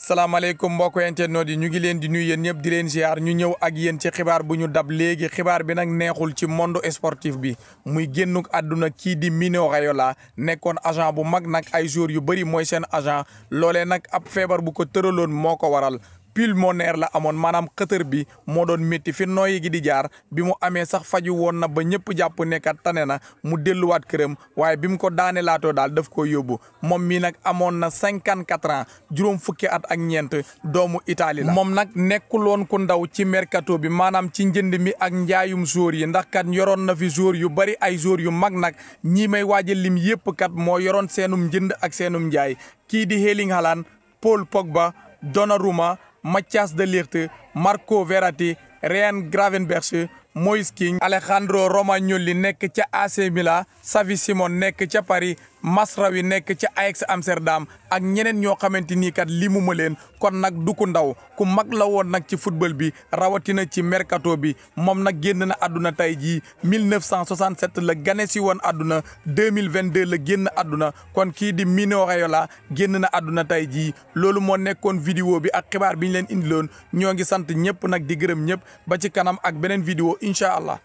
salaamaaleykum mbokk internautes yi ñu ngi leen di nuyu yéen ñëpp di leen ziar ñu ñëw ak yéen ci xibaar bu ñu dab léegi xibaar bi nag neexul ci monde sportif bi muy génnuk àdduna kii di Mino Raiola nekkoon agent bu mag nag ay joueurs yu bëri mooy seen agent loolee nag ab feebar bu ko tëraloon moo ko waral pulmonaire la amoon maanaam xëtër bi moo doon métti fi nooyi gi di jaar bi mu amee sax faju woon na ba ñëpp jàpp nekkat tane na mu delluwaat këram waaye bi mu ko daane laatoo daal daf ko yóbbu moom mii nag amoon na cinquante quatre ans juróom fukki at ak ñeent doomu Italie la moom nag nekkul woon ku ndaw ci mercato bi maanaam ci njënd mi ak njaayum jour yi ndax kat yoroon na fi jour yu bari ay jour yu mag nag ñii may waaja lim yëpp kat moo yoroon seenum njënd ak seenum njaay kii di Erling Haaland Mathias de lirte Marco Verratti Ryan Gravenberch Moiskin Alejandro Romagnoli nekk ca AC Milan Xavi Simons nekk ca Paris Masraoui nekk ca Ajax Amsterdam ak ñeneen ñoo xamante ni kat limu ma leen kon nag du ku ndaw ku mag la woon nag ci football bi rawatina ci mercato bi moom nag génn na àdduna tey jii 1967 la gane si woon àdduna 2022 la génn àdduna kon kii di Mino la génn na àdduna tey jii loolu moo nekkoon vidéo bi ak xibaar bi ñu leen indiloon ñoo ngi sant ñëpp nag di gërëm ñëpp ba ci kanam ak beneen vidéo. incha allah